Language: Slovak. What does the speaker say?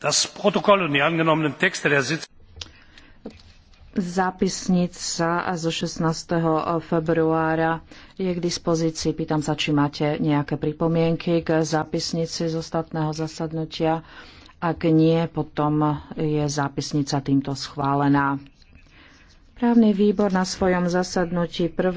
Das Protokoll und die angenommenen Texte der Sitzung Zápisnica zo 16. februára je k dispozícii. Pýtam sa, či máte nejaké pripomienky k zápisnici z ostatného zasadnutia. Ak nie, potom je zápisnica týmto schválená. Právny výbor na svojom zasadnutí prvé.